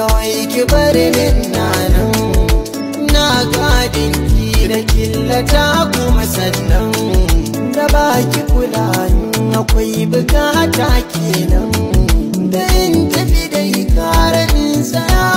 kawai ki bari min nanan na gadin ki da killata kuma sannan da baki kula akwai bukata kenan da in tafi yi karamin sana'a